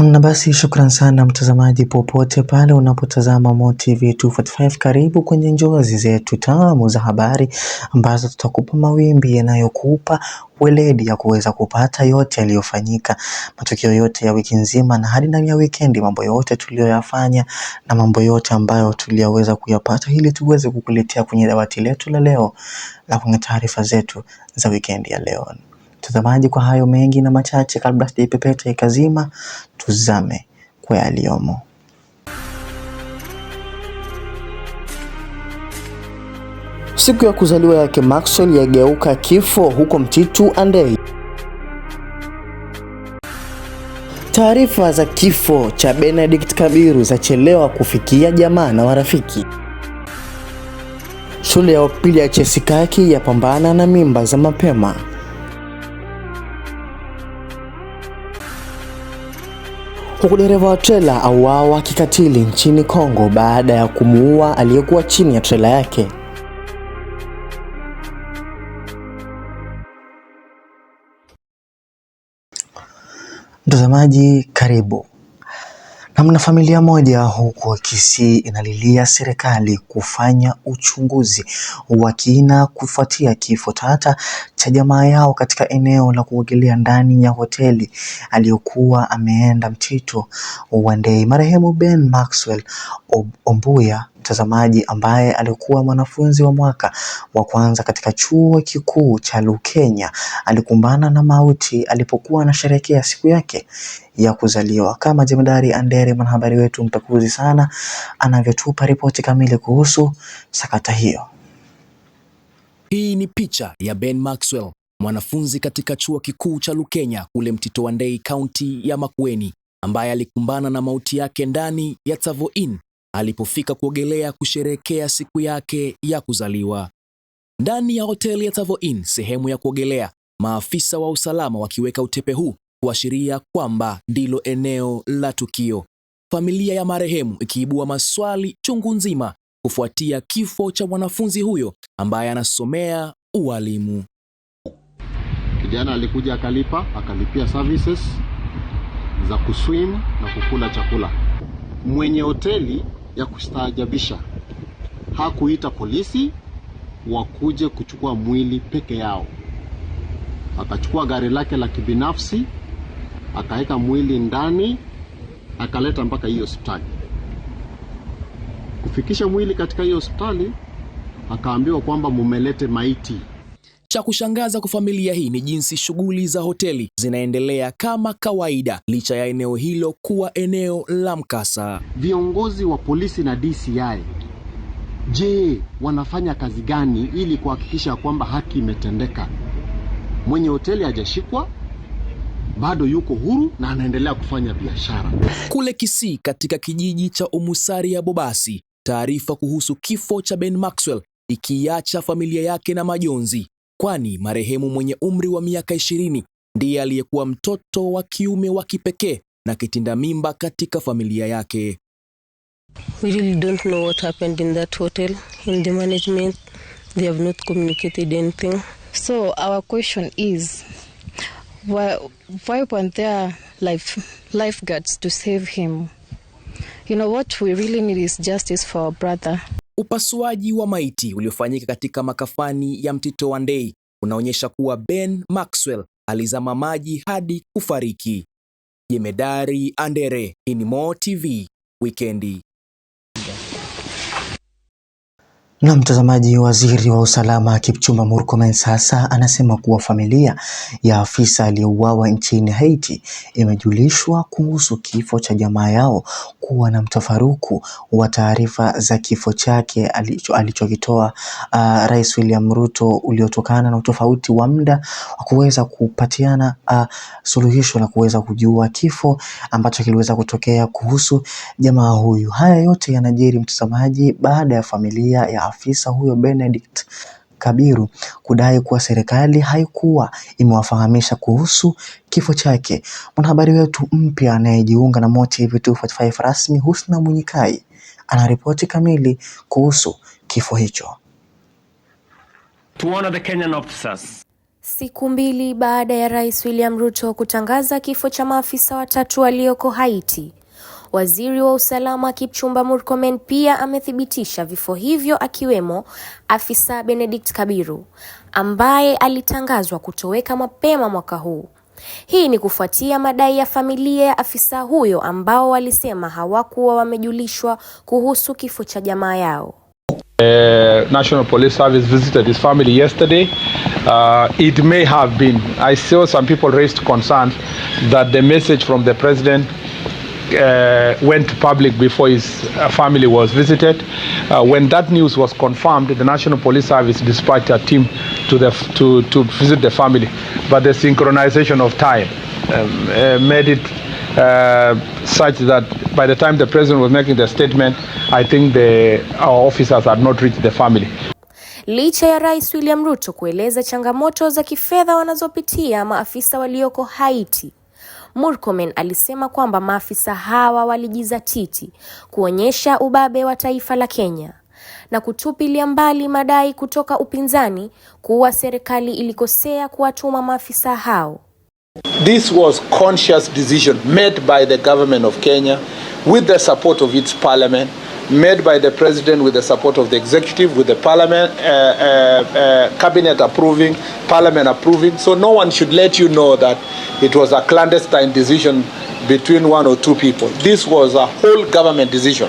Namna basi, shukran sana mtazamaji, popote pale unapotazama Mo TV 245, karibu kwenye njozi zetu tamu za habari ambazo tutakupa mawimbi yanayokupa weledi ya kuweza kupata yote yaliyofanyika, matukio yote ya wiki nzima na hadi ndani ya wikendi, mambo yote tuliyoyafanya na mambo yote ambayo tuliyaweza kuyapata, ili tuweze kukuletea kwenye dawati letu la leo la kwenye taarifa zetu za wikendi ya leo. Mtazamaji, kwa hayo mengi na machache, kabla sijaipepeta ikazima, tuzame kwa yaliyomo. Siku ya kuzaliwa yake Maxwell yageuka kifo huko mtitu Andei. Taarifa za kifo cha Benedict Kabiru zachelewa kufikia jamaa na marafiki. Shule ya upili ya Chesikaki yapambana na mimba za mapema. Huku dereva wa trela auawa kikatili nchini Kongo baada ya kumuua aliyekuwa chini ya trela yake. Mtazamaji, karibu. Namna familia moja huko Kisii inalilia serikali kufanya uchunguzi wa kina kufuatia kifo tata cha jamaa yao katika eneo la kuogelea ndani ya hoteli aliyokuwa ameenda mtito wa Ndei. Marehemu Ben Maxwell Ombuya mtazamaji ambaye alikuwa mwanafunzi wa mwaka wa kwanza katika chuo kikuu cha Lukenya alikumbana na mauti alipokuwa anasherehekea siku yake ya kuzaliwa. Kama jemadari Andere, mwanahabari wetu mtakuzi sana, anavyotupa ripoti kamili kuhusu sakata hiyo. Hii ni picha ya Ben Maxwell, mwanafunzi katika chuo kikuu cha Lukenya kule Mtito Andei, kaunti ya Makueni, ambaye alikumbana na mauti yake ndani ya Tsavo Inn alipofika kuogelea kusherekea siku yake ya kuzaliwa. Ndani ya hoteli ya Tavo Inn, sehemu ya kuogelea, maafisa wa usalama wakiweka utepe huu kuashiria kwamba ndilo eneo la tukio. Familia ya marehemu ikiibua maswali chungu nzima kufuatia kifo cha mwanafunzi huyo ambaye anasomea ualimu. Kijana alikuja akalipa, akalipia services za kuswim na kukula chakula. Mwenye hoteli ya kustaajabisha. Hakuita polisi wakuje kuchukua mwili peke yao. Akachukua gari lake la kibinafsi, akaweka mwili ndani, akaleta mpaka hiyo hospitali. Kufikisha mwili katika hiyo hospitali, akaambiwa kwamba mumelete maiti cha kushangaza kwa familia hii ni jinsi shughuli za hoteli zinaendelea kama kawaida licha ya eneo hilo kuwa eneo la mkasa. Viongozi wa polisi na DCI, je, wanafanya kazi gani ili kuhakikisha kwamba haki imetendeka? Mwenye hoteli hajashikwa bado yuko huru na anaendelea kufanya biashara. Kule Kisii katika kijiji cha umusari ya Bobasi, taarifa kuhusu kifo cha Ben Maxwell ikiacha familia yake na majonzi kwani marehemu mwenye umri wa miaka ishirini ndiye aliyekuwa mtoto wa kiume wa kipekee na kitinda mimba katika familia yake. We really don't know what happened in that hotel. In the management, they have not communicated anything. So our question is, why, why weren't there life, lifeguards to save him? You know, what we really need is justice for our brother. Upasuaji wa maiti uliofanyika katika makafani ya Mtito wa Ndei unaonyesha kuwa Ben Maxwell alizama maji hadi kufariki. Jemedari Andere, Inimo TV, Wikendi. Na mtazamaji, waziri wa usalama Kipchumba Murkomen sasa anasema kuwa familia ya afisa aliyeuawa nchini Haiti imejulishwa kuhusu kifo cha jamaa yao kuwa na mtafaruku wa taarifa za kifo chake alichokitoa alicho uh, Rais William Ruto uliotokana na utofauti wa muda wa kuweza kupatiana uh, suluhisho la kuweza kujua kifo ambacho kiliweza kutokea kuhusu jamaa huyu. Haya yote yanajiri mtazamaji, baada ya familia ya afisa huyo Benedict Kabiru kudai kuwa serikali haikuwa imewafahamisha kuhusu kifo chake. Mwanahabari wetu mpya anayejiunga na MOTV 245 rasmi, Husna Munyikai, anaripoti kamili kuhusu kifo hicho. To the Kenyan officers. Siku mbili baada ya Rais William Ruto kutangaza kifo cha maafisa watatu walioko Haiti, Waziri wa usalama Kipchumba Murkomen pia amethibitisha vifo hivyo, akiwemo afisa Benedict Kabiru ambaye alitangazwa kutoweka mapema mwaka huu. Hii ni kufuatia madai ya familia ya afisa huyo ambao walisema hawakuwa wamejulishwa kuhusu kifo cha jamaa yao. Uh, National Police Service visited his family yesterday. Uh, it may have been. I saw some people raised concerns that the message from the president uh, went public before his uh, family was visited. Uh, when that news was confirmed, the National Police Service dispatched a team to, the, to, to visit the family. But the synchronization of time um, uh, made it uh, such that by the time the president was making the statement, I think the, our officers had not reached the family. Licha ya Rais William Ruto kueleza changamoto za kifedha wanazopitia maafisa walioko Haiti Murkomen alisema kwamba maafisa hawa walijizatiti kuonyesha ubabe wa taifa la Kenya na kutupilia mbali madai kutoka upinzani kuwa serikali ilikosea kuwatuma maafisa hao. This was conscious decision made by the government of Kenya with the support of its parliament made by the president with the support of the executive with the parliament uh, uh, uh, cabinet approving parliament approving so no one should let you know that it was a clandestine decision between one or two people this was a whole government decision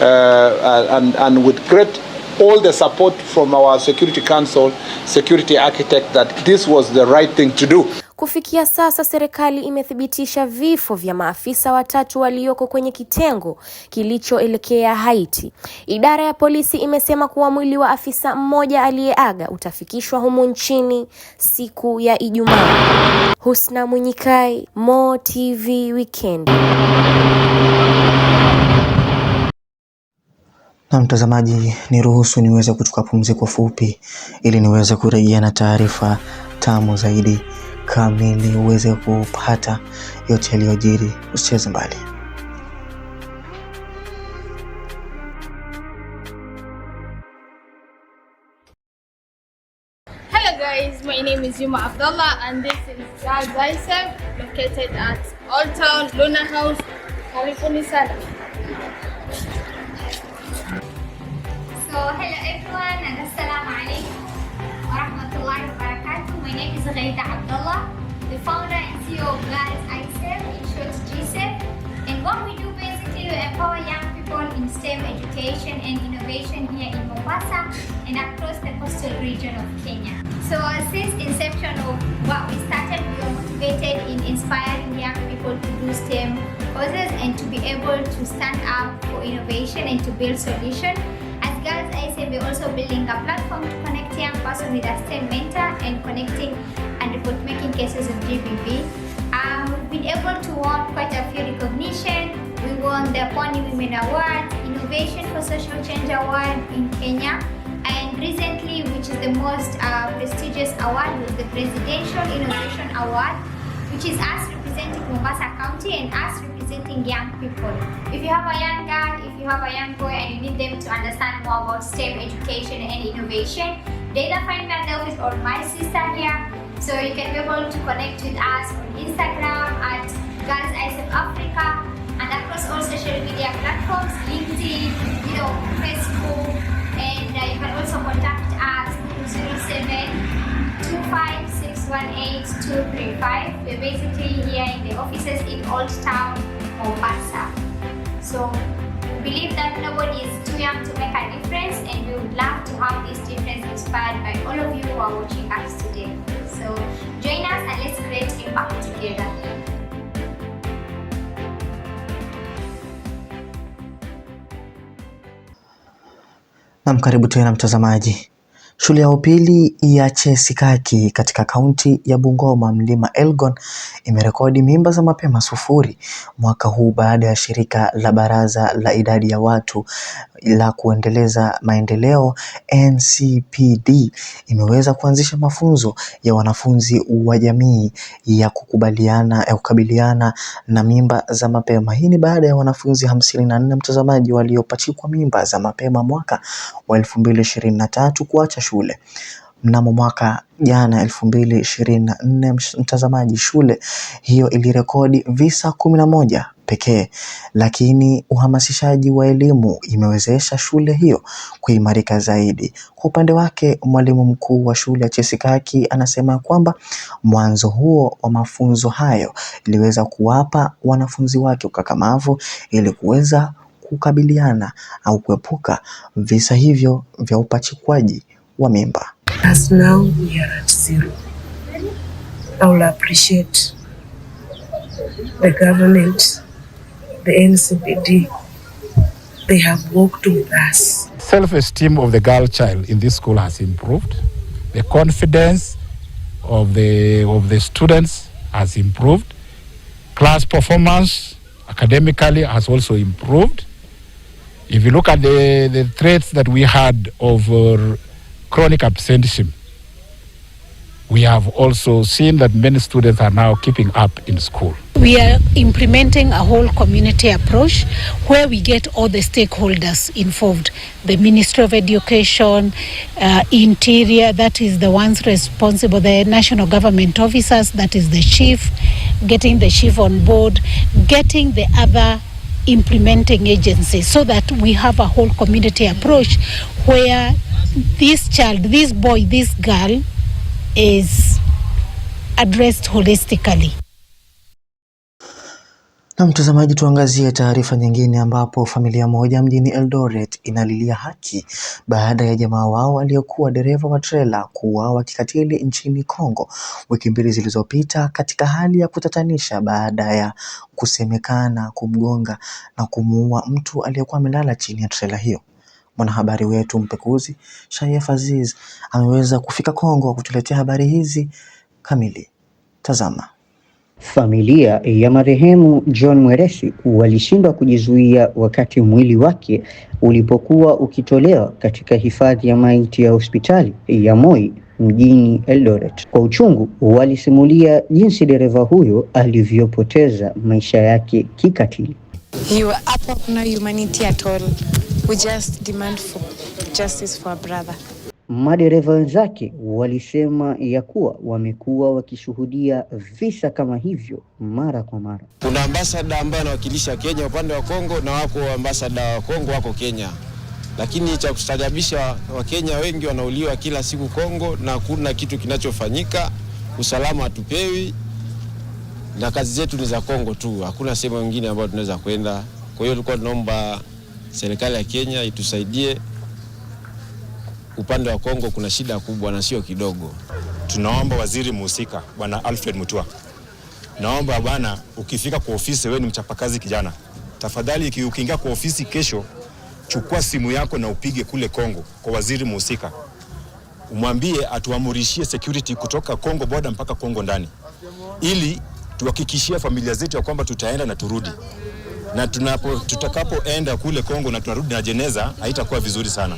uh, and, and with great all the support from our security council security architect that this was the right thing to do Kufikia sasa serikali imethibitisha vifo vya maafisa watatu walioko kwenye kitengo kilichoelekea Haiti. Idara ya polisi imesema kuwa mwili wa afisa mmoja aliyeaga utafikishwa humu nchini siku ya Ijumaa. Husna Munyikai, Mo TV Weekend. Na mtazamaji, niruhusu niweze kuchukua pumziko fupi ili niweze kurejea na taarifa tamu zaidi. kamili uweze kupata yote yaliyojiri. Usicheze mbali. Hello guys, my name is Yuma Abdullah and this is Zad located at Old Town Luna House. Karibuni sana. So hello everyone and assalamu alaikum. My name is Ghaida Abdullah, the founder and CEO of Guys ISTEM, in short GSEP. And what we do basically, we empower young people in STEM education and innovation here in Mombasa and across the coastal region of Kenya. So uh, since inception of what we started, we are motivated in inspiring young people to do STEM courses and to be able to stand up for innovation and to build solutions we're also building a platform to connect young person with a STEM mentor and connecting and report making cases in GBV. Um, we've been able to won quite a few recognition. We won the Pony Women Award, Innovation for Social Change Award in Kenya, and recently, which is the most uh, prestigious award, was the Presidential Innovation Award which is us representing Mombasa County and us representing young people. If you have a young girl, if you have a young boy and you need them to understand more about STEM education and innovation, they either find me at the office or my sister here. So you can be able to connect with us on Instagram at Girls of Africa and across all social media platforms, LinkedIn, you know, Facebook, and uh, you can also contact us 07 618 We're basically here in the offices in Old Town, Mombasa. So we believe that nobody is too young to make a difference and we would love to have this difference inspired by all of you who are watching us today. So join us and let's create impact together. Nam, tena mtazamaji. Shule ya upili ya Chesikaki katika kaunti ya Bungoma mlima Elgon imerekodi mimba za mapema sufuri mwaka huu baada ya shirika la baraza la idadi ya watu la kuendeleza maendeleo NCPD imeweza kuanzisha mafunzo ya wanafunzi wa jamii ya kukubaliana ya kukabiliana na mimba za mapema. Hii ni baada ya wanafunzi hamsini na nne mtazamaji waliopachikwa mimba za mapema mwaka wa elfu mbili ishirini na tatu kuacha shule mnamo mwaka jana elfu mbili ishirini na nne. Mtazamaji, shule hiyo ilirekodi visa kumi na moja pekee, lakini uhamasishaji wa elimu imewezesha shule hiyo kuimarika zaidi. Kwa upande wake, mwalimu mkuu wa shule ya Chesikaki anasema kwamba mwanzo huo wa mafunzo hayo iliweza kuwapa wanafunzi wake ukakamavu ili kuweza kukabiliana au kuepuka visa hivyo vya upachikwaji wa mimba. As now we are at zero. I will appreciate the government, the NCBD. They have worked with us. Self-esteem of the girl child in this school has improved. The confidence of the, of the students has improved. Class performance academically has also improved. If you look at the, the threats that we had of uh, chronic absenteeism, we have also seen that many students are now keeping up in school. We are implementing a whole community approach where we get all the stakeholders involved the Ministry of Education, uh, Interior, that is the ones responsible, the national government officers, that is the chief, getting the chief on board, getting the other implementing agencies so that we have a whole community approach where this child, this boy, this girl is addressed holistically. Na mtazamaji, tuangazie taarifa nyingine ambapo familia moja mjini Eldoret inalilia haki baada ya jamaa wao aliyekuwa dereva wa trela kuuawa kikatili nchini Kongo wiki mbili zilizopita katika hali ya kutatanisha baada ya kusemekana kumgonga na kumuua mtu aliyekuwa amelala chini ya trela hiyo. Mwanahabari wetu mpekuzi Shaiff Aziz ameweza kufika Kongo kutuletea habari hizi kamili. Tazama. Familia ya marehemu John Mweresi walishindwa kujizuia wakati mwili wake ulipokuwa ukitolewa katika hifadhi ya maiti ya hospitali ya Moi mjini Eldoret. Kwa uchungu, walisimulia jinsi dereva huyo alivyopoteza maisha yake kikatili. You are up on humanity at all. We just demand for justice for our brother. Madereva wenzake walisema ya kuwa wamekuwa wakishuhudia visa kama hivyo mara kwa mara. Kuna ambasada ambaye anawakilisha Kenya upande wa Kongo na wako ambasada wa Kongo wako Kenya, lakini cha kustajabisha, Wakenya wengi wanauliwa kila siku Kongo na hakuna kitu kinachofanyika. Usalama hatupewi na kazi zetu ni za Kongo tu, hakuna sehemu nyingine ambayo tunaweza kwenda. Kwa hiyo tulikuwa tunaomba serikali ya Kenya itusaidie. Upande wa Kongo kuna shida kubwa na sio kidogo. Tunaomba waziri muhusika Bwana Alfred Mutua, naomba bwana, ukifika kwa ofisi, wewe ni mchapakazi kijana, tafadhali ukiingia kwa ofisi kesho, chukua simu yako na upige kule Kongo kwa waziri muhusika, umwambie atuamurishie security kutoka Kongo boda mpaka Kongo ndani, ili tuhakikishie familia zetu ya kwamba tutaenda na turudi na tunapo, tutakapoenda kule Kongo na tunarudi na jeneza haitakuwa vizuri sana,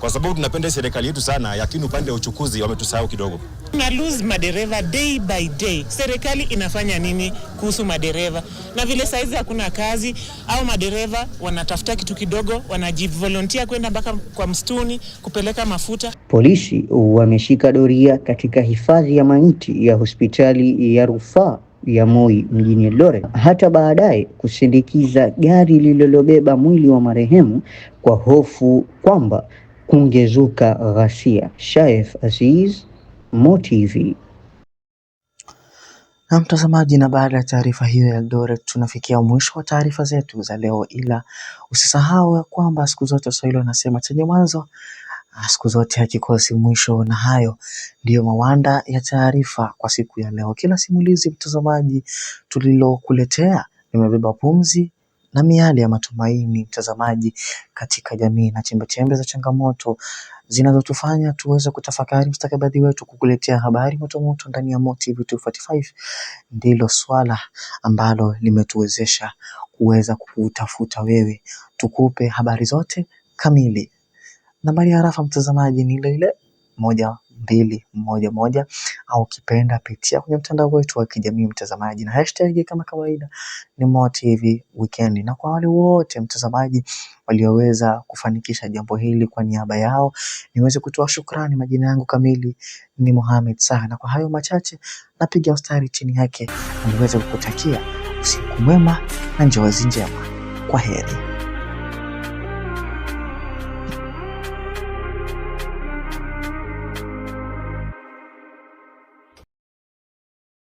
kwa sababu tunapenda serikali yetu sana, lakini upande wa uchukuzi wametusahau kidogo. Na lose madereva day by day. Serikali inafanya nini kuhusu madereva? Na vile saizi hakuna kazi au madereva wanatafuta kitu kidogo, wanajivolontia kwenda mpaka kwa msituni kupeleka mafuta. Polisi wameshika doria katika hifadhi ya maiti ya hospitali ya rufaa ya Moi mjini Eldoret, hata baadaye kusindikiza gari lililobeba mwili wa marehemu kwa hofu kwamba kungezuka ghasia. Shaif Aziz, MoTV. Na mtazamaji, na baada ya taarifa hiyo ya Eldoret, tunafikia mwisho wa taarifa zetu za leo, ila usisahau ya kwamba siku zote Waswahili wanasema chenye mwanzo Ah, siku zote hakikosi mwisho. Na hayo ndiyo mawanda ya taarifa kwa siku ya leo. Kila simulizi mtazamaji tulilokuletea limebeba pumzi na miali ya matumaini mtazamaji, katika jamii na chembechembe za changamoto zinazotufanya tuweze kutafakari mustakabali wetu. Kukuletea habari motomoto ndani ya MOTV 245 ndilo swala ambalo limetuwezesha kuweza kutafuta wewe, tukupe habari zote kamili Nambari ya harafa mtazamaji ni ile ile moja mbili moja moja, au ukipenda pitia kwenye mtandao wetu wa kijamii mtazamaji, na hashtag kama kawaida ni MOTV Weekend. Na kwa wale wote mtazamaji walioweza kufanikisha jambo hili, kwa niaba yao niweze kutoa shukrani. Majina yangu kamili ni Mohamed Saha, na kwa hayo machache napiga ustari chini yake, niweze kukutakia usiku mwema na njozi njema. Kwa heri.